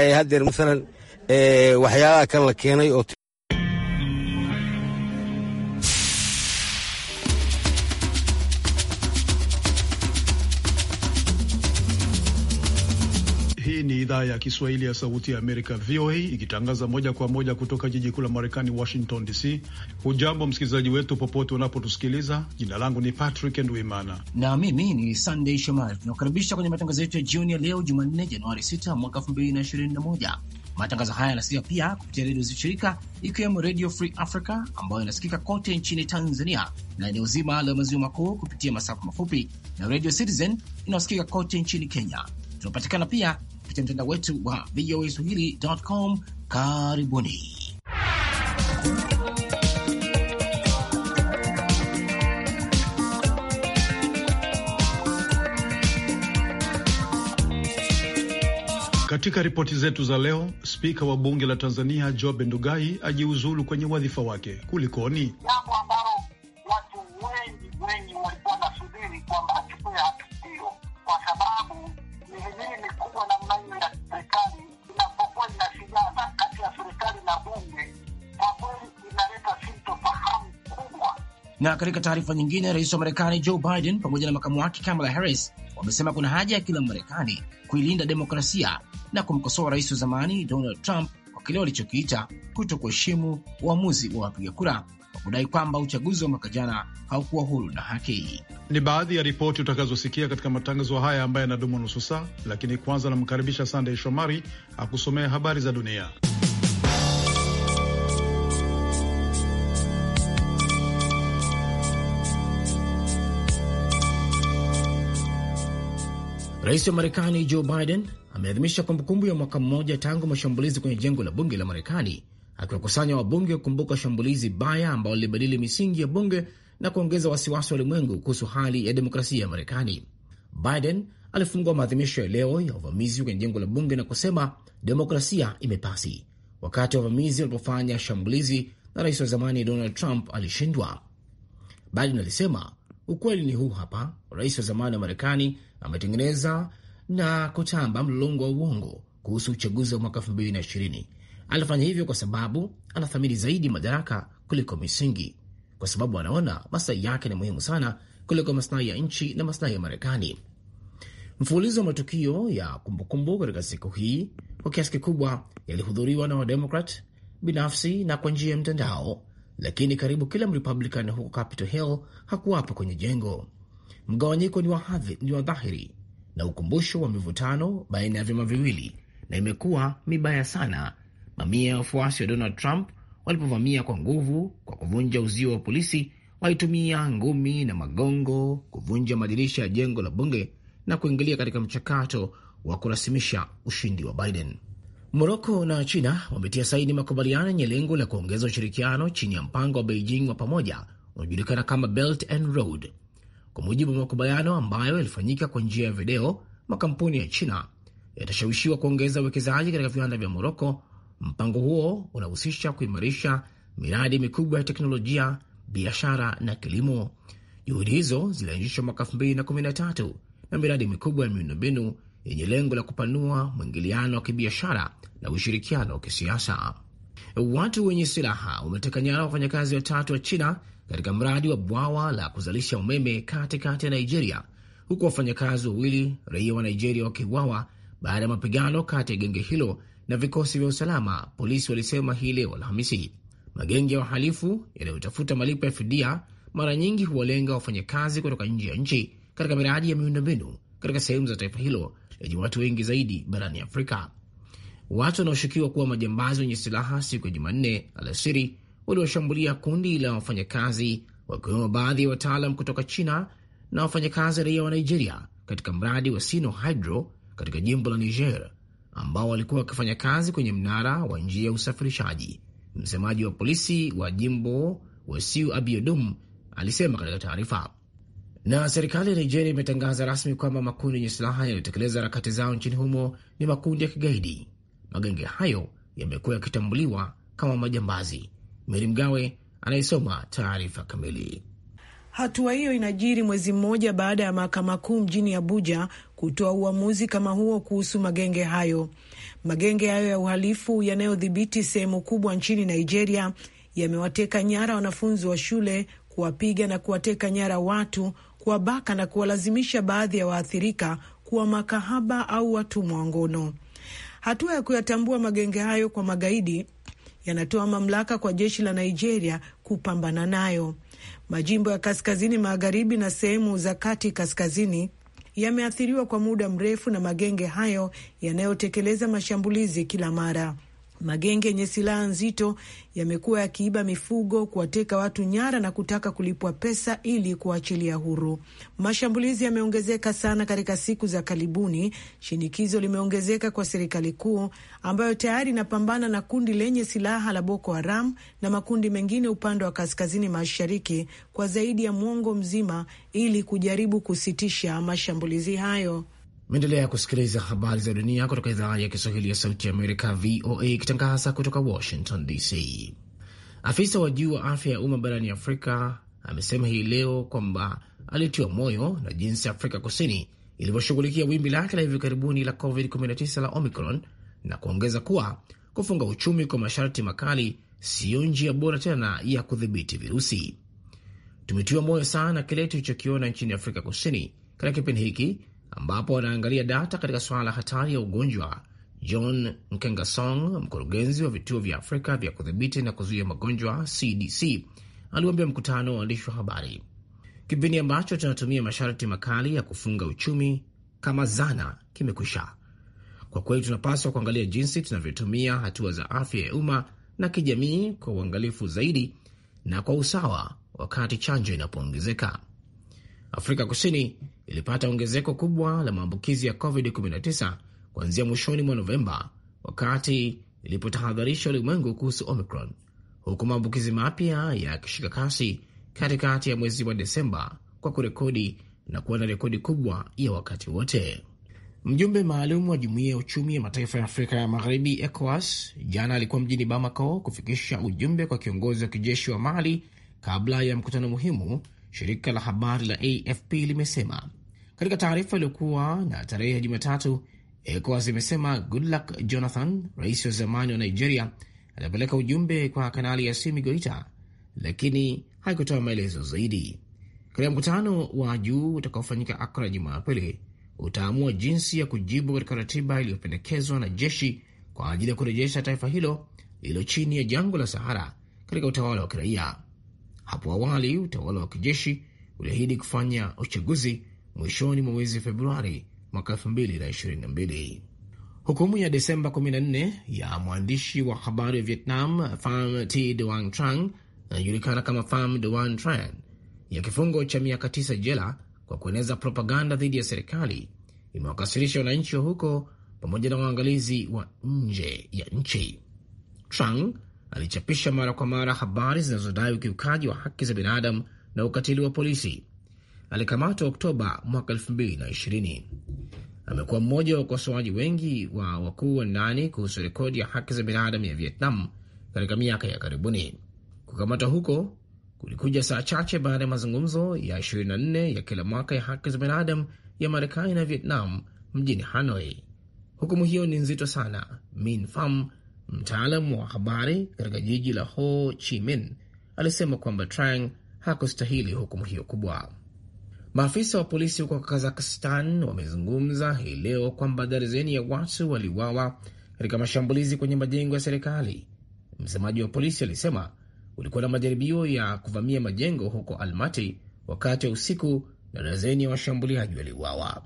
hadeer maala eh, waxyaalaha kale la keenay oo idhaa ya Kiswahili ya Sauti ya Amerika, VOA, ikitangaza moja kwa moja kutoka jiji kuu la Marekani, Washington DC. Hujambo msikilizaji wetu popote unapotusikiliza. Jina langu ni Patrick Ndwimana na mimi ni Sandey Shomari. Tunakukaribisha kwenye matangazo yetu ya jioni ya leo Jumanne, Januari 6 mwaka 2021. Matangazo haya yanasikika pia kupitia redio za shirika ikiwemo Redio Free Africa ambayo inasikika kote nchini Tanzania na eneo zima la maziwa makuu kupitia masafa mafupi na Radio Citizen inayosikika kote nchini Kenya. Tunapatikana pia kupitia mtandao wetu wa VOA Swahili.com. Karibuni. Katika ripoti zetu za leo, spika wa bunge la Tanzania Job Ndugai ajiuzulu kwenye wadhifa wake. Kulikoni? jambo ambalo watu wengi wengi walikuwa nasubiri kwamba achukue hatua hiyo, kwa sababu ni mihimili Na katika taarifa nyingine, rais wa Marekani Joe Biden pamoja na makamu wake Kamala Harris wamesema kuna haja ya kila Marekani kuilinda demokrasia na kumkosoa rais wa zamani Donald Trump kwa kile walichokiita kuto kuheshimu uamuzi wa wapiga kura kudai kwamba uchaguzi wa mwaka jana haukuwa huru na haki. Ni baadhi ya ripoti utakazosikia katika matangazo haya ambayo yanadumu nusu saa, lakini kwanza namkaribisha Sandey Shomari akusomea habari za dunia. Rais wa Marekani Joe Biden ameadhimisha kumbukumbu ya mwaka mmoja tangu mashambulizi kwenye jengo la bunge la Marekani, akiwakusanya wabunge kukumbuka shambulizi baya ambalo lilibadili misingi ya bunge na kuongeza wasiwasi wa ulimwengu kuhusu hali ya demokrasia ya Marekani. Biden alifungua maadhimisho ya leo ya uvamizi kwenye jengo la bunge na kusema demokrasia imepasi, wakati wavamizi walipofanya shambulizi na rais wa zamani Donald Trump alishindwa. Biden alisema ukweli ni huu hapa, rais wa zamani wa Marekani ametengeneza na kutamba mlolongo wa uongo kuhusu uchaguzi wa mwaka 2020. Alifanya hivyo kwa sababu anathamini zaidi madaraka kuliko misingi, kwa sababu anaona maslahi yake ni muhimu sana kuliko maslahi ya nchi na maslahi ya Marekani. Mfululizo wa matukio ya kumbukumbu katika siku hii kwa kiasi kikubwa yalihudhuriwa na Wademokrat binafsi na kwa njia ya mtandao, lakini karibu kila Mrepublican huko Capitol Hill hakuwapo kwenye jengo mgawanyiko ni wa hadhi, ni wa dhahiri na ukumbusho wa mivutano baina ya vyama viwili, na imekuwa mibaya sana. Mamia ya wafuasi wa Donald Trump walipovamia kwa nguvu kwa kuvunja uzio wa polisi, walitumia ngumi na magongo kuvunja madirisha ya jengo la bunge na kuingilia katika mchakato wa kurasimisha ushindi wa Biden. Moroko na China wametia saini makubaliano yenye lengo la kuongeza ushirikiano chini ya mpango wa Beijing wa pamoja unaojulikana kama Belt and Road kwa mujibu wa makubaliano ambayo yalifanyika kwa njia ya video, makampuni ya China yatashawishiwa kuongeza uwekezaji katika viwanda vya Moroko. Mpango huo unahusisha kuimarisha miradi mikubwa ya teknolojia, biashara na kilimo. Juhudi hizo zilianzishwa mwaka 2013 na miradi mikubwa ya miundombinu yenye lengo la kupanua mwingiliano wa kibiashara na ushirikiano wa kisiasa. Watu wenye silaha wameteka nyara wafanyakazi watatu wa China katika mradi wa bwawa la kuzalisha umeme katikati ya Nigeria, huku wafanyakazi wawili raia wa Nigeria wakiuawa baada ya mapigano kati ya genge hilo na vikosi vya usalama, polisi walisema hii leo Alhamisi. Magenge ya wahalifu yanayotafuta malipo ya fidia mara nyingi huwalenga wafanyakazi kutoka nje ya nchi katika miradi ya miundombinu katika sehemu za taifa hilo lenye watu wengi zaidi barani Afrika. Watu wanaoshukiwa kuwa majambazi wenye silaha siku ya Jumanne alasiri waliwashambulia kundi la wafanyakazi wakiwemo baadhi ya wataalam kutoka China na wafanyakazi raia wa Nigeria katika mradi wa Sino Hydro katika jimbo la Niger ambao walikuwa wakifanya kazi kwenye mnara wa njia ya usafirishaji. Msemaji wa polisi wa jimbo Wasiu abiodum alisema katika taarifa. Na serikali ya Nigeria imetangaza rasmi kwamba makundi yenye silaha yanayotekeleza harakati zao nchini humo ni makundi ya kigaidi magenge hayo yamekuwa yakitambuliwa kama majambazi. Meri Mgawe anayesoma taarifa kamili. Hatua hiyo inajiri mwezi mmoja baada ya mahakama kuu mjini Abuja kutoa uamuzi kama huo kuhusu magenge hayo. Magenge hayo ya uhalifu yanayodhibiti sehemu kubwa nchini Nigeria yamewateka nyara wanafunzi wa shule, kuwapiga na kuwateka nyara watu, kuwabaka na kuwalazimisha baadhi ya waathirika kuwa makahaba au watumwa wa ngono. Hatua ya kuyatambua magenge hayo kwa magaidi yanatoa mamlaka kwa jeshi la Nigeria kupambana nayo. Majimbo ya kaskazini magharibi na sehemu za kati kaskazini yameathiriwa kwa muda mrefu na magenge hayo yanayotekeleza mashambulizi kila mara. Magenge yenye silaha nzito yamekuwa yakiiba mifugo, kuwateka watu nyara na kutaka kulipwa pesa ili kuachilia huru. Mashambulizi yameongezeka sana katika siku za karibuni. Shinikizo limeongezeka kwa serikali kuu ambayo tayari inapambana na kundi lenye silaha la Boko Haram na makundi mengine upande wa kaskazini mashariki kwa zaidi ya mwongo mzima ili kujaribu kusitisha mashambulizi hayo. Meendelea kusikiliza habari za dunia kutoka idhaa ya Kiswahili ya Sauti ya Amerika, VOA, ikitangaza kutoka Washington DC. Afisa wa juu wa afya ya umma barani Afrika amesema hii leo kwamba alitiwa moyo na jinsi Afrika Kusini ilivyoshughulikia wimbi lake la hivi karibuni la COVID-19 la Omicron na kuongeza kuwa kufunga uchumi kwa masharti makali siyo njia bora tena ya kudhibiti virusi. Tumetiwa moyo sana kile tulichokiona nchini Afrika Kusini katika kipindi hiki ambapo wanaangalia data katika suala la hatari ya ugonjwa. John Nkengasong, mkurugenzi wa vituo vya Afrika vya kudhibiti na kuzuia magonjwa CDC, aliuambia mkutano wa waandishi wa habari, kipindi ambacho tunatumia masharti makali ya kufunga uchumi kama zana kimekwisha. Kwa kweli, tunapaswa kuangalia jinsi tunavyotumia hatua za afya ya umma na kijamii kwa uangalifu zaidi na kwa usawa, wakati chanjo inapoongezeka. Afrika Kusini lilipata ongezeko kubwa la maambukizi ya COVID-19 kuanzia mwishoni mwa Novemba, wakati ilipotahadharisha ulimwengu kuhusu Omicron, huku maambukizi mapya yakishika kasi katikati ya mwezi wa Desemba kwa kurekodi na kuwa na rekodi kubwa ya wakati wote. Mjumbe maalum wa Jumuiya ya Uchumi ya Mataifa ya Afrika ya Magharibi, ECOWAS, jana alikuwa mjini Bamako kufikisha ujumbe kwa kiongozi wa kijeshi wa Mali kabla ya mkutano muhimu shirika la habari la AFP limesema katika taarifa iliyokuwa na tarehe ya Jumatatu. ECOWAS imesema Goodluck Jonathan, rais wa zamani wa Nigeria, alipeleka ujumbe kwa Kanali simu Goita, lakini haikutoa maelezo zaidi. Katika mkutano wa juu utakaofanyika Akra Jumapili utaamua jinsi ya kujibu katika ratiba iliyopendekezwa na jeshi kwa ajili ya kurejesha taifa hilo lililo chini ya jangwa la Sahara katika utawala wa kiraia. Hapo awali utawala wa kijeshi uliahidi kufanya uchaguzi mwishoni mwa mwezi Februari mwaka 2022. Hukumu ya Desemba 14 ya mwandishi wa habari wa Vietnam Pham T Doan Trang anajulikana kama Pham Doan Tran ya kifungo cha miaka tisa jela kwa kueneza propaganda dhidi ya serikali imewakasirisha wananchi wa huko pamoja na waangalizi wa nje ya nchi. Trang alichapisha mara kwa mara habari zinazodai ukiukaji wa haki za binadamu na ukatili wa polisi. Alikamatwa Oktoba mwaka 2020. Amekuwa mmoja wa ukosoaji wengi wa wakuu wa ndani kuhusu rekodi ya haki za binadamu ya Vietnam katika miaka ya karibuni. Kukamatwa huko kulikuja saa chache baada ya mazungumzo ya 24 ya kila mwaka ya haki za binadamu ya Marekani na Vietnam mjini Hanoi. Hukumu hiyo ni nzito sana. Min Pham mtaalam wa habari katika jiji la Ho Chi Minh alisema kwamba Trang hakustahili hukumu hiyo kubwa. Maafisa wa polisi huko Kazakistan wamezungumza hii leo kwamba darzeni ya watu waliuawa katika mashambulizi kwenye majengo ya serikali. Msemaji wa polisi alisema kulikuwa na majaribio ya kuvamia majengo huko Almati wakati wa usiku na darzeni ya washambuliaji waliuawa.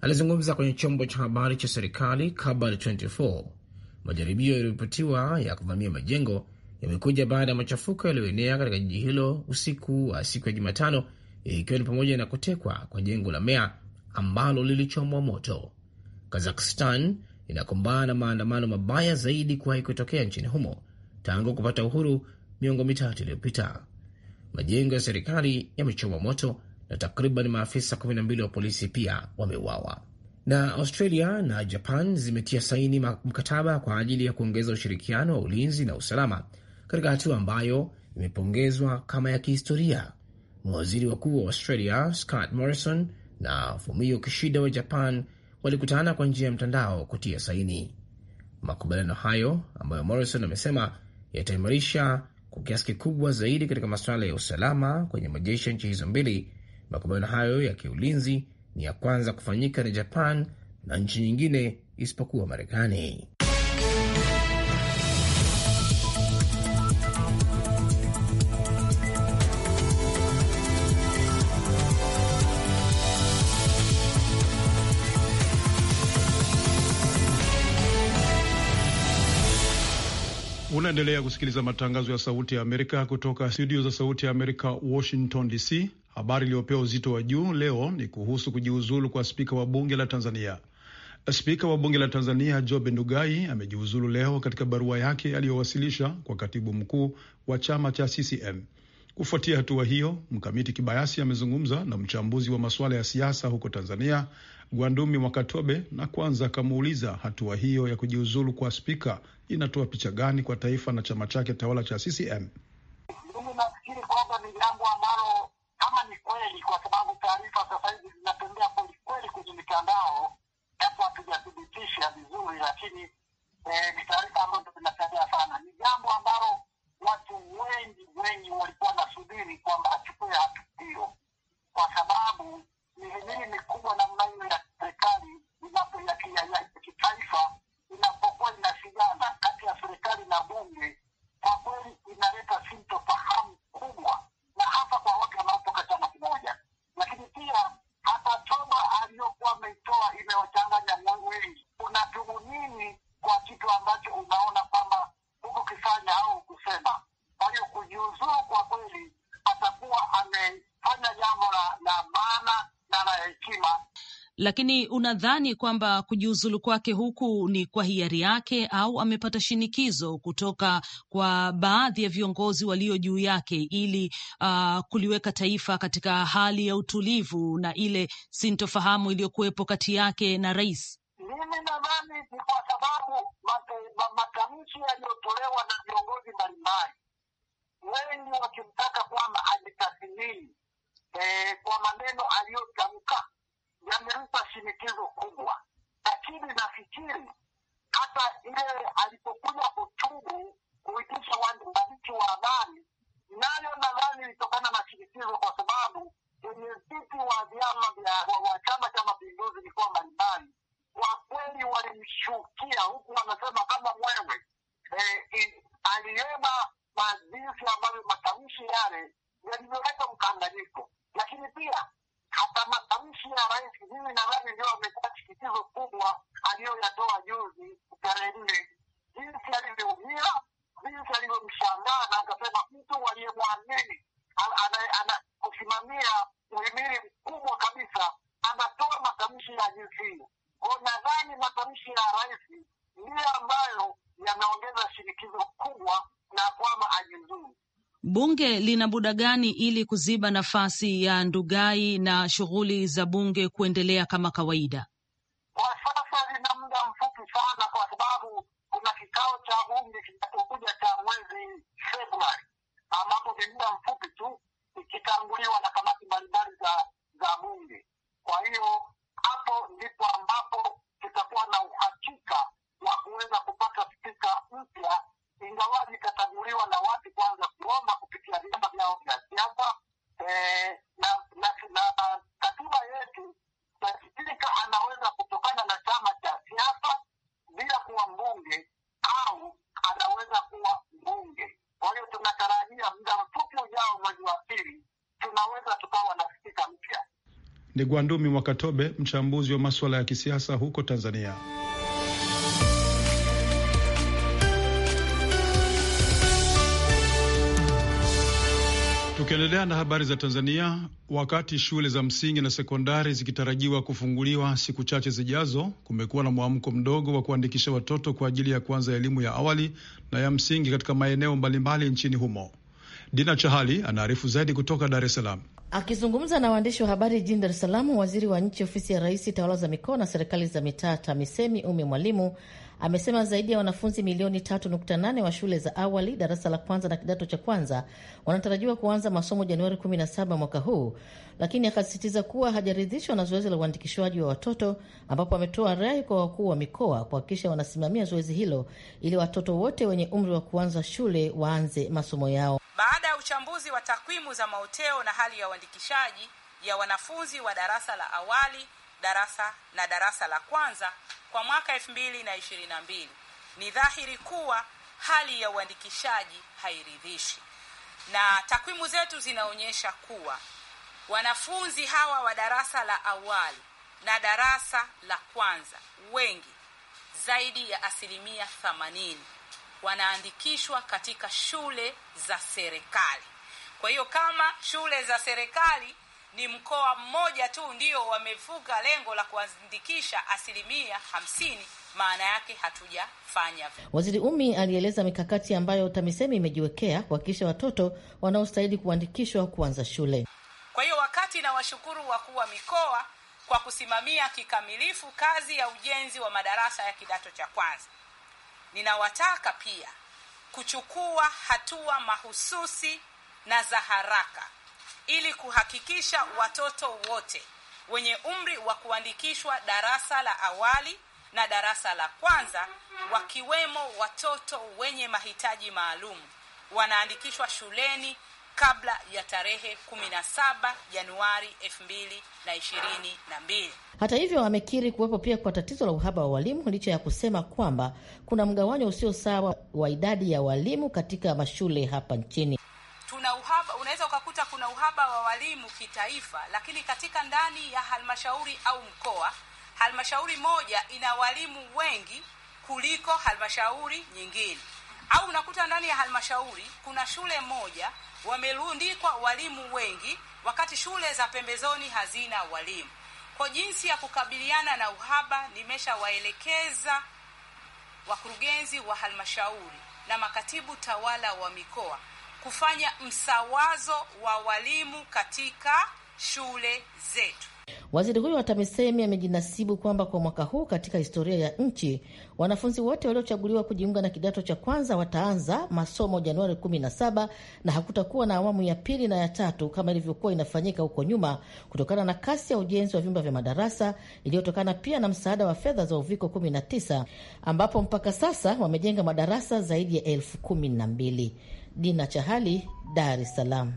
Alizungumza kwenye chombo cha habari cha serikali Kabar Majaribio yaliyoripotiwa ya kuvamia majengo yamekuja baada ya machafuko yaliyoenea katika jiji hilo usiku wa siku ya Jumatano, ikiwa ni pamoja na kutekwa kwa jengo la meya ambalo lilichomwa moto. Kazakhstan inakumbana na maandamano mabaya zaidi kuwahi kutokea nchini humo tangu kupata uhuru miongo mitatu iliyopita. Majengo ya serikali yamechomwa moto na takriban maafisa 12 wa polisi pia wameuawa na Australia na Japan zimetia saini mkataba kwa ajili ya kuongeza ushirikiano wa ulinzi na usalama katika hatua ambayo imepongezwa kama ya kihistoria. Mawaziri wakuu wa Australia Scott Morrison na Fumio Kishida wa Japan walikutana kwa njia ya mtandao kutia saini makubaliano hayo ambayo Morrison amesema yataimarisha kwa kiasi kikubwa zaidi katika masuala ya usalama kwenye majeshi ya nchi hizo mbili. Makubaliano hayo ya kiulinzi ni ya kwanza kufanyika na Japan na nchi nyingine isipokuwa Marekani. Unaendelea kusikiliza matangazo ya Sauti ya Amerika kutoka studio za Sauti ya Amerika, Washington DC. Habari iliyopewa uzito wa juu leo ni kuhusu kujiuzulu kwa spika wa bunge la Tanzania. Spika wa bunge la Tanzania Job Ndugai amejiuzulu leo katika barua yake aliyowasilisha kwa katibu mkuu wa chama cha CCM. Kufuatia hatua hiyo, Mkamiti Kibayasi amezungumza na mchambuzi wa masuala ya siasa huko Tanzania, Gwandumi Mwakatobe, na kwanza akamuuliza hatua hiyo ya kujiuzulu kwa spika inatoa picha gani kwa taifa na chama chake tawala cha CCM? Mimi nafikiri kwamba ni jambo ambalo kama ni kweli, kwa sababu taarifa sasa hivi zinatembea kwelikweli kwenye mitandao, japo hatujathibitisha vizuri, lakini eh, Lakini unadhani kwamba kujiuzulu kwake huku ni kwa hiari yake au amepata shinikizo kutoka kwa baadhi ya viongozi walio juu yake ili uh, kuliweka taifa katika hali ya utulivu na ile sintofahamu iliyokuwepo kati yake na rais? Mimi nadhani ni kwa sababu matamshi yaliyotolewa na viongozi mbalimbali, wengi wakimtaka kwamba ajitathmini eh, kwa maneno aliyotamka yamempa shinikizo kubwa, lakini nafikiri hata ile alipokuja kutubu kuitisha waandishi wa habari, nayo nadhani ilitokana na shinikizo, kwa sababu wenyeviti wa vyama wa Chama cha Mapinduzi mikoa mbalimbali kwa kweli walimshukia, huku wanasema kama mwewe eh, aliyeba majinsi ambayo matamshi yale yalivyoleta mkanganyiko, lakini pia hata matamshi ya rais, mimi nadhani ndio amekuwa tatizo kubwa aliyoyatoa juzi tarehe nne, jinsi alivyoumia, jinsi alivyomshangaa na akasema mtu waliyemwamini anakusimamia muhimili mkubwa kabisa anatoa matamshi ya jinsi hiyo. Nadhani matamshi ya rais ndiyo ambayo yameongeza shinikizo kubwa na kwamba Bunge lina muda gani ili kuziba nafasi ya Ndugai na shughuli za bunge kuendelea kama kawaida? Ni Gwandumi Mwakatobe, mchambuzi wa maswala ya kisiasa huko Tanzania. Tukiendelea na habari za Tanzania, wakati shule za msingi na sekondari zikitarajiwa kufunguliwa siku chache zijazo, kumekuwa na mwamko mdogo wa kuandikisha watoto kwa ajili ya kuanza elimu ya awali na ya msingi katika maeneo mbalimbali nchini humo. Dina Chahali anaarifu zaidi kutoka Dar es Salaam. Akizungumza na waandishi wa habari jijini Dar es Salaam, waziri wa nchi ofisi ya Rais, tawala za mikoa na serikali za mitaa, TAMISEMI, Umi Mwalimu amesema zaidi ya wanafunzi milioni 3.8 wa shule za awali, darasa la kwanza na kidato cha kwanza wanatarajiwa kuanza masomo Januari 17 mwaka huu, lakini akasisitiza kuwa hajaridhishwa na zoezi la uandikishwaji wa watoto, ambapo ametoa rai kwa wakuu wa mikoa kuhakikisha wanasimamia zoezi hilo ili watoto wote wenye umri wa kuanza shule waanze masomo yao. Baada ya uchambuzi wa takwimu za maoteo na hali ya uandikishaji ya wanafunzi wa darasa la awali, darasa na darasa la kwanza kwa mwaka 2022, ni dhahiri kuwa hali ya uandikishaji hairidhishi, na takwimu zetu zinaonyesha kuwa wanafunzi hawa wa darasa la awali na darasa la kwanza wengi zaidi ya asilimia 80 wanaandikishwa katika shule za serikali. Kwa hiyo kama shule za serikali ni mkoa mmoja tu ndio wamefuga lengo la kuandikisha asilimia hamsini, maana yake hatujafanya. Waziri Umi alieleza mikakati ambayo TAMISEMI imejiwekea kuhakikisha watoto wanaostahili kuandikishwa kuanza shule. Kwa hiyo wakati na washukuru wakuu wa mikoa kwa kusimamia kikamilifu kazi ya ujenzi wa madarasa ya kidato cha kwanza. Ninawataka pia kuchukua hatua mahususi na za haraka ili kuhakikisha watoto wote wenye umri wa kuandikishwa darasa la awali na darasa la kwanza, wakiwemo watoto wenye mahitaji maalum, wanaandikishwa shuleni kabla ya tarehe 17 Januari 2022. Hata hivyo, amekiri kuwepo pia kwa tatizo la uhaba wa walimu licha ya kusema kwamba kuna mgawanyo usio sawa wa idadi ya walimu katika mashule hapa nchini. Tuna uhaba, unaweza ukakuta kuna uhaba wa walimu kitaifa, lakini katika ndani ya halmashauri au mkoa, halmashauri moja ina walimu wengi kuliko halmashauri nyingine au unakuta ndani ya halmashauri kuna shule moja wamerundikwa walimu wengi, wakati shule za pembezoni hazina walimu. Kwa jinsi ya kukabiliana na uhaba, nimeshawaelekeza wakurugenzi wa halmashauri na makatibu tawala wa mikoa kufanya msawazo wa walimu katika shule zetu. Waziri huyo wa TAMISEMI amejinasibu kwamba kwa mwaka huu katika historia ya nchi, wanafunzi wote waliochaguliwa kujiunga na kidato cha kwanza wataanza masomo Januari 17 na hakutakuwa na awamu ya pili na ya tatu kama ilivyokuwa inafanyika huko nyuma kutokana na kasi ya ujenzi wa vyumba vya madarasa iliyotokana pia na msaada wa fedha za Uviko 19 ambapo mpaka sasa wamejenga madarasa zaidi ya elfu kumi na mbili. Dina Chahali, Dar es Salaam.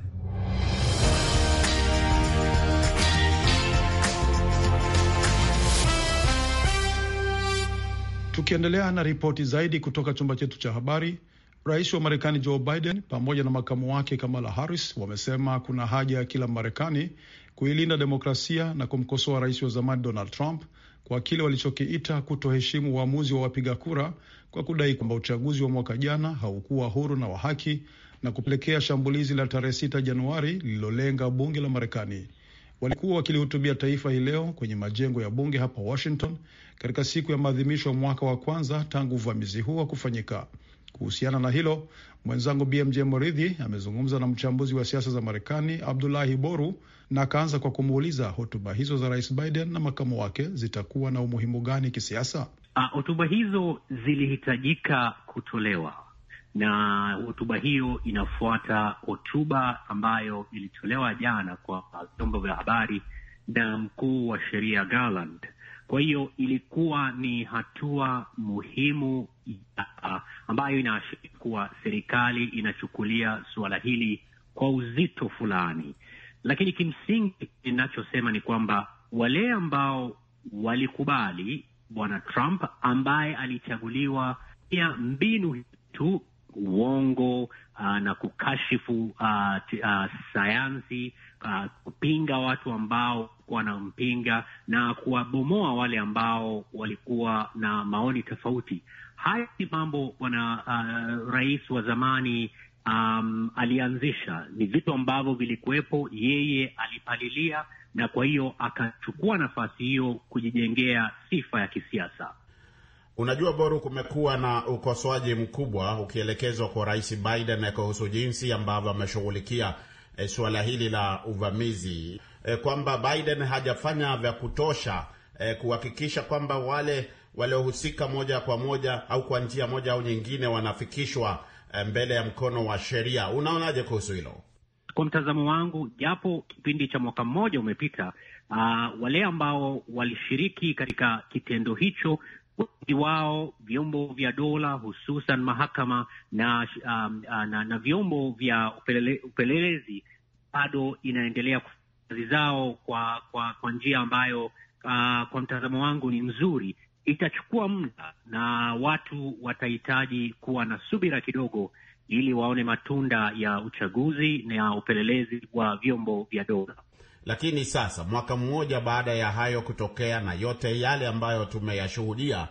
Tukiendelea na ripoti zaidi kutoka chumba chetu cha habari, rais wa Marekani Joe Biden pamoja na makamu wake Kamala Harris wamesema kuna haja ya kila Marekani kuilinda demokrasia na kumkosoa rais wa zamani Donald Trump kwa kile walichokiita kutoheshimu uamuzi wa wapiga kura kwa kudai kwamba uchaguzi wa mwaka jana haukuwa huru na wa haki na kupelekea shambulizi la tarehe 6 Januari lililolenga bunge la Marekani walikuwa wakilihutubia taifa hii leo kwenye majengo ya bunge hapa Washington katika siku ya maadhimisho ya mwaka wa kwanza tangu uvamizi huo wa kufanyika. Kuhusiana na hilo, mwenzangu BMJ Moridhi amezungumza na mchambuzi wa siasa za Marekani Abdulahi Boru na akaanza kwa kumuuliza hotuba hizo za Rais Biden na makamu wake zitakuwa na umuhimu gani kisiasa? Ah, hotuba hizo zilihitajika kutolewa na hotuba hiyo inafuata hotuba ambayo ilitolewa jana kwa vyombo vya habari na mkuu wa sheria Garland. Kwa hiyo ilikuwa ni hatua muhimu ambayo inaashiria kuwa serikali inachukulia suala hili kwa uzito fulani, lakini kimsingi inachosema ni kwamba wale ambao walikubali bwana Trump ambaye alichaguliwa pia mbinu tu uongo uh, na kukashifu uh, ah, t, uh, ah, sayansi uh, kupinga watu ambao wanampinga na kuwabomoa wale ambao walikuwa na maoni tofauti. Haya si mambo bwana rais wa zamani um, alianzisha, ni vitu ambavyo vilikuwepo, yeye alipalilia, na kwa hiyo akachukua nafasi hiyo kujijengea sifa ya kisiasa. Unajua Boru, kumekuwa na ukosoaji mkubwa ukielekezwa kwa Rais Biden kuhusu jinsi ambavyo ameshughulikia e, suala hili la uvamizi e, kwamba Biden hajafanya vya kutosha e, kuhakikisha kwamba wale waliohusika moja kwa moja au kwa njia moja au nyingine wanafikishwa mbele ya mkono wa sheria. Unaonaje kuhusu hilo? Kwa mtazamo wangu, japo kipindi cha mwaka mmoja umepita, uh, wale ambao walishiriki katika kitendo hicho wengi wao vyombo vya dola hususan mahakama na, um, uh, na, na vyombo vya upelele, upelelezi bado inaendelea kazi zao kwa, kwa, kwa njia ambayo uh, kwa mtazamo wangu ni mzuri. Itachukua muda na watu watahitaji kuwa na subira kidogo, ili waone matunda ya uchaguzi na upelelezi wa vyombo vya dola. Lakini sasa mwaka mmoja baada ya hayo kutokea na yote yale ambayo tumeyashuhudia,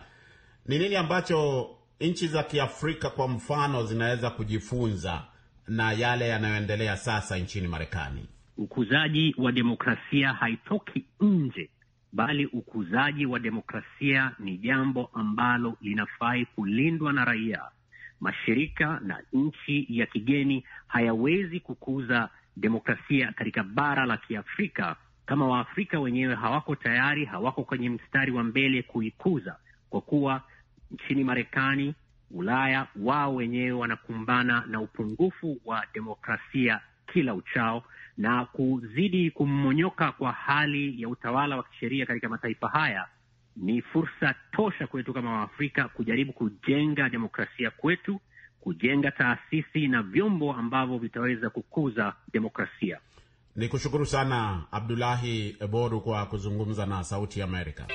ni nini ambacho nchi za Kiafrika kwa mfano zinaweza kujifunza na yale yanayoendelea sasa nchini Marekani? Ukuzaji wa demokrasia haitoki nje, bali ukuzaji wa demokrasia ni jambo ambalo linafai kulindwa na raia. Mashirika na nchi ya kigeni hayawezi kukuza demokrasia katika bara la Kiafrika, kama Waafrika wenyewe hawako tayari, hawako kwenye mstari wa mbele kuikuza, kwa kuwa nchini Marekani, Ulaya, wao wenyewe wanakumbana na upungufu wa demokrasia kila uchao na kuzidi kumonyoka kwa hali ya utawala wa kisheria katika mataifa haya ni fursa tosha kwetu kama Waafrika kujaribu kujenga demokrasia kwetu kujenga taasisi na vyombo ambavyo vitaweza kukuza demokrasia. Ni kushukuru sana Abdulahi eboru kwa kuzungumza na Sauti ya Amerika.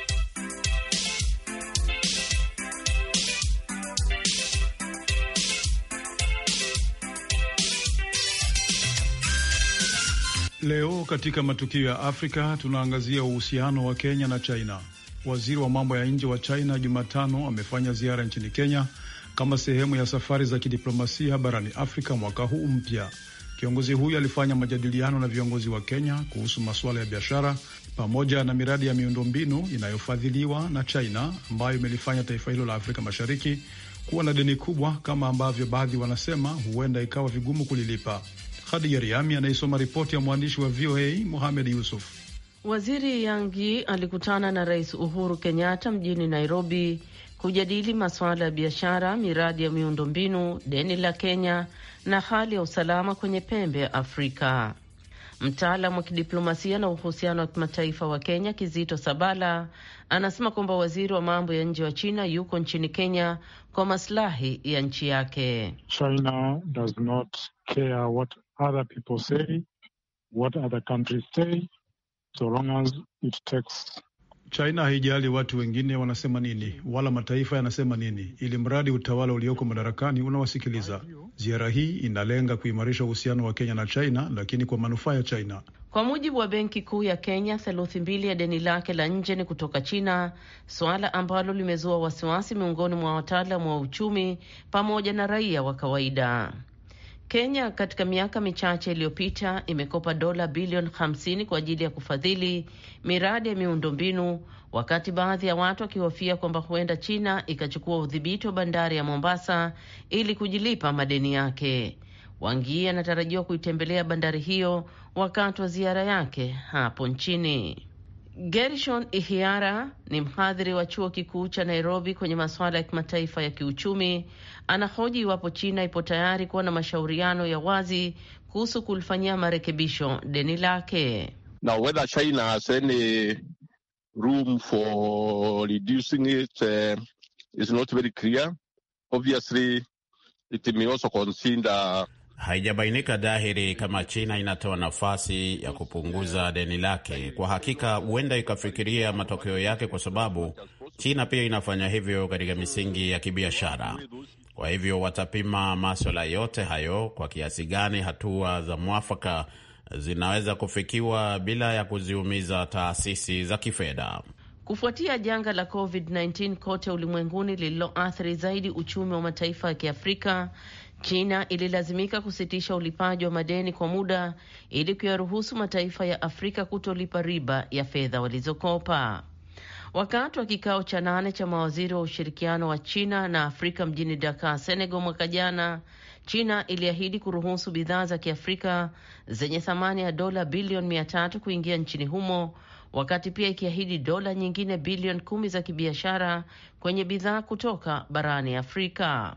Leo katika matukio ya Afrika tunaangazia uhusiano wa Kenya na China. Waziri wa mambo ya nje wa China Jumatano amefanya ziara nchini Kenya kama sehemu ya safari za kidiplomasia barani Afrika mwaka huu mpya. Kiongozi huyo alifanya majadiliano na viongozi wa Kenya kuhusu masuala ya biashara pamoja na miradi ya miundombinu inayofadhiliwa na China ambayo imelifanya taifa hilo la Afrika Mashariki kuwa na deni kubwa kama ambavyo baadhi wanasema huenda ikawa vigumu kulilipa. Khadija Riami anaisoma ripoti ya mwandishi wa VOA Mohamed Yusuf. Waziri Yangi alikutana na Rais Uhuru Kenyatta mjini Nairobi kujadili masuala ya biashara, miradi ya miundombinu, deni la Kenya na hali ya usalama kwenye pembe ya Afrika. mtaalam wa kidiplomasia na uhusiano wa kimataifa wa Kenya, Kizito Sabala, anasema kwamba waziri wa mambo ya nje wa China yuko nchini Kenya kwa masilahi ya nchi yake. China does not care what other people say, what other countries say, so long as it takes China haijali watu wengine wanasema nini wala mataifa yanasema nini, ili mradi utawala ulioko madarakani unawasikiliza. Ziara hii inalenga kuimarisha uhusiano wa Kenya na China, lakini kwa manufaa ya China. Kwa mujibu wa Benki Kuu ya Kenya, theluthi mbili ya deni lake la nje ni kutoka China, suala ambalo limezua wasiwasi miongoni mwa wataalamu wa uchumi pamoja na raia wa kawaida. Kenya katika miaka michache iliyopita imekopa dola bilioni 50 kwa ajili ya kufadhili miradi ya miundombinu, wakati baadhi ya watu wakihofia kwamba huenda China ikachukua udhibiti wa bandari ya Mombasa ili kujilipa madeni yake. Wangi anatarajiwa kuitembelea bandari hiyo wakati wa ziara yake hapo nchini. Gershon Ihiara ni mhadhiri wa chuo kikuu cha Nairobi kwenye masuala ya kimataifa ya kiuchumi. Anahoji iwapo China ipo tayari kuwa na mashauriano ya wazi kuhusu kulifanyia marekebisho deni lake. Now whether China has any room for reducing it, uh, is not very clear. Obviously, it may also consider Haijabainika dhahiri kama China inatoa nafasi ya kupunguza deni lake. Kwa hakika, huenda ikafikiria matokeo yake, kwa sababu China pia inafanya hivyo katika misingi ya kibiashara. Kwa hivyo watapima maswala yote hayo, kwa kiasi gani hatua za mwafaka zinaweza kufikiwa bila ya kuziumiza taasisi za kifedha. Kufuatia janga la COVID-19 kote ulimwenguni lililoathiri zaidi uchumi wa mataifa ya Kiafrika, China ililazimika kusitisha ulipaji wa madeni kwa muda ili kuyaruhusu mataifa ya Afrika kutolipa riba ya fedha walizokopa. Wakati wa kikao cha nane cha mawaziri wa ushirikiano wa China na Afrika mjini Dakar, Senegal, mwaka jana, China iliahidi kuruhusu bidhaa za Kiafrika zenye thamani ya dola bilioni mia tatu kuingia nchini humo, wakati pia ikiahidi dola nyingine bilioni kumi za kibiashara kwenye bidhaa kutoka barani Afrika.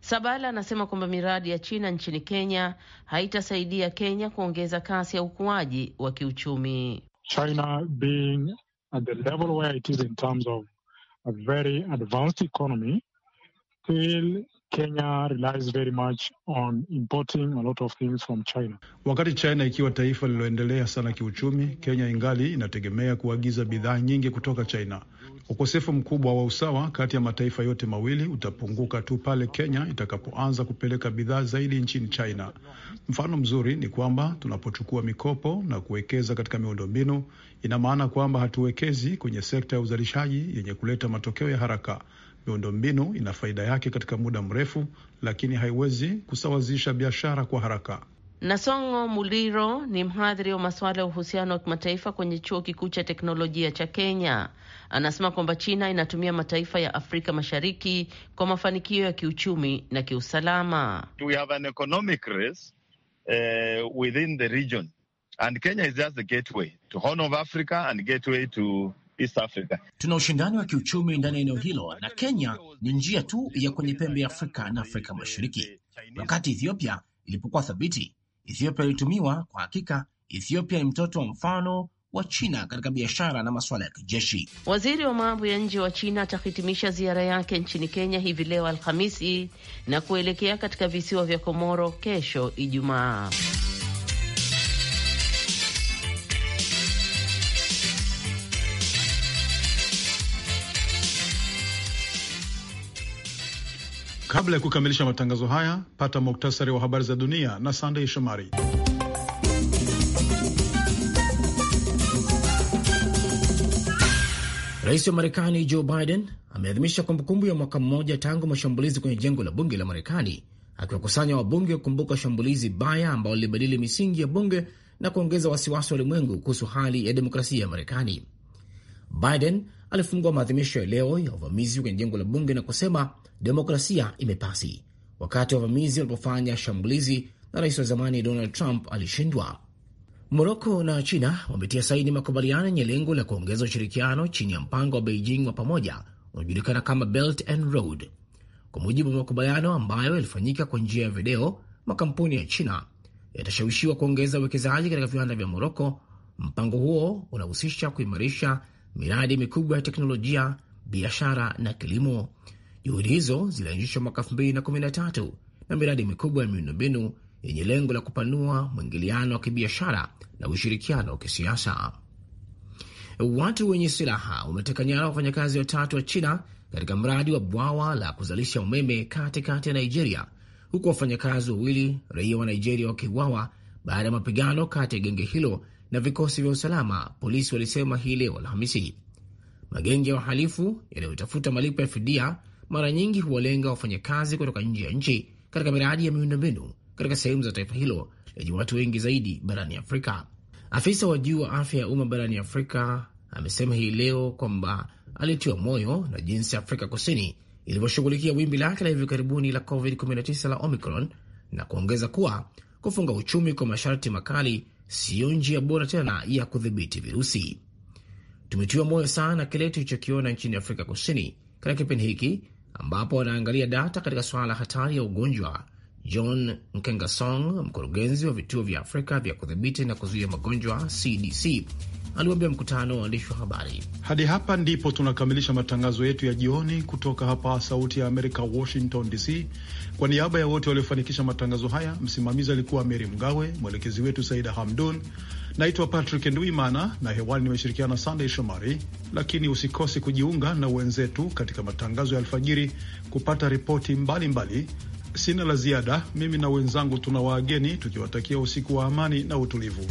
Sabala anasema kwamba miradi ya China nchini Kenya haitasaidia Kenya kuongeza kasi ya ukuaji wa kiuchumi. China being at the level where it is in terms of a very advanced economy still Kenya relies very much on importing a lot of things from China. Wakati China ikiwa taifa lililoendelea sana kiuchumi, Kenya ingali inategemea kuagiza bidhaa nyingi kutoka China. Ukosefu mkubwa wa usawa kati ya mataifa yote mawili utapunguka tu pale Kenya itakapoanza kupeleka bidhaa zaidi nchini China. Mfano mzuri ni kwamba tunapochukua mikopo na kuwekeza katika miundombinu, ina maana kwamba hatuwekezi kwenye sekta ya uzalishaji yenye kuleta matokeo ya haraka miundombinu ina faida yake katika muda mrefu, lakini haiwezi kusawazisha biashara kwa haraka. Nasongo Muliro ni mhadhiri wa masuala ya uhusiano wa kimataifa kwenye chuo kikuu cha teknolojia cha Kenya. Anasema kwamba China inatumia mataifa ya Afrika Mashariki kwa mafanikio ya kiuchumi na kiusalama. We have an economic race, uh, within the region. And Kenya is just the gateway to Horn of Africa and gateway to East Africa. Tuna ushindani wa kiuchumi ndani ya eneo hilo na Kenya ni njia tu ya kwenye pembe ya Afrika na Afrika Mashariki. Wakati Ethiopia ilipokuwa thabiti, Ethiopia ilitumiwa. Kwa hakika, Ethiopia ni mtoto wa mfano wa China katika biashara na masuala ya kijeshi. Waziri wa mambo ya nje wa China atahitimisha ziara yake nchini Kenya hivi leo Alhamisi na kuelekea katika visiwa vya Komoro kesho Ijumaa. Kabla ya kukamilisha matangazo haya, pata muktasari wa habari za dunia na Sandei Shomari. Rais wa Marekani Joe Biden ameadhimisha kumbukumbu ya mwaka mmoja tangu mashambulizi kwenye jengo la bunge la Marekani, akiwakusanya wabunge kukumbuka shambulizi baya ambalo lilibadili misingi ya bunge na kuongeza wasiwasi wa ulimwengu kuhusu hali ya demokrasia ya Marekani. Biden alifungua maadhimisho ya leo ya uvamizi kwenye jengo la bunge na kusema demokrasia imepasi, wakati wa uvamizi walipofanya shambulizi na rais wa zamani Donald Trump alishindwa. Moroko na China wametia saini makubaliano yenye lengo la kuongeza ushirikiano chini ya mpango wa Beijing wa pamoja unaojulikana kama Belt and Road. Kwa mujibu wa makubaliano ambayo yalifanyika kwa njia ya video, makampuni ya China yatashawishiwa kuongeza uwekezaji katika viwanda vya Moroko. Mpango huo unahusisha kuimarisha miradi mikubwa ya teknolojia, biashara na kilimo. Juhudi hizo zilianzishwa mwaka 2013 na miradi mikubwa ya miundombinu yenye lengo la kupanua mwingiliano wa kibiashara na ushirikiano wa kisiasa. Watu wenye silaha wameteka nyara wafanyakazi watatu wa China katika mradi wa bwawa la kuzalisha umeme katikati ya Nigeria, huku wafanyakazi wawili raia wa Nigeria wakiuawa baada ya mapigano kati ya genge hilo na vikosi vya usalama, polisi walisema hii leo Alhamisi. Magenge ya wahalifu yanayotafuta malipo ya fidia mara nyingi huwalenga wafanyakazi kutoka nje ya nchi katika miradi ya miundombinu katika sehemu za taifa hilo lenye watu wengi zaidi barani Afrika. Afisa wa juu wa afya ya umma barani Afrika amesema hii leo kwamba alitiwa moyo na jinsi Afrika Kusini ilivyoshughulikia wimbi lake la hivi karibuni la COVID-19 la Omicron na kuongeza kuwa kufunga uchumi kwa masharti makali siyo njia bora tena ya kudhibiti virusi. Tumetiwa moyo sana kile tulichokiona nchini Afrika Kusini katika kipindi hiki ambapo wanaangalia data katika suala la hatari ya ugonjwa. John Nkengasong, mkurugenzi wa vituo vya Afrika vya kudhibiti na kuzuia magonjwa CDC, aliwaambia mkutano wa waandishi wa habari. Hadi hapa ndipo tunakamilisha matangazo yetu ya jioni kutoka hapa Sauti ya Amerika, Washington DC. Kwa niaba ya wote waliofanikisha matangazo haya, msimamizi alikuwa Meri Mgawe, mwelekezi wetu Saida Hamdun. Naitwa Patrick Nduimana na hewani nimeshirikiana na Sandey Shomari, lakini usikose kujiunga na wenzetu katika matangazo ya alfajiri kupata ripoti mbalimbali. Sina la ziada, mimi na wenzangu tuna waageni tukiwatakia usiku wa amani na utulivu.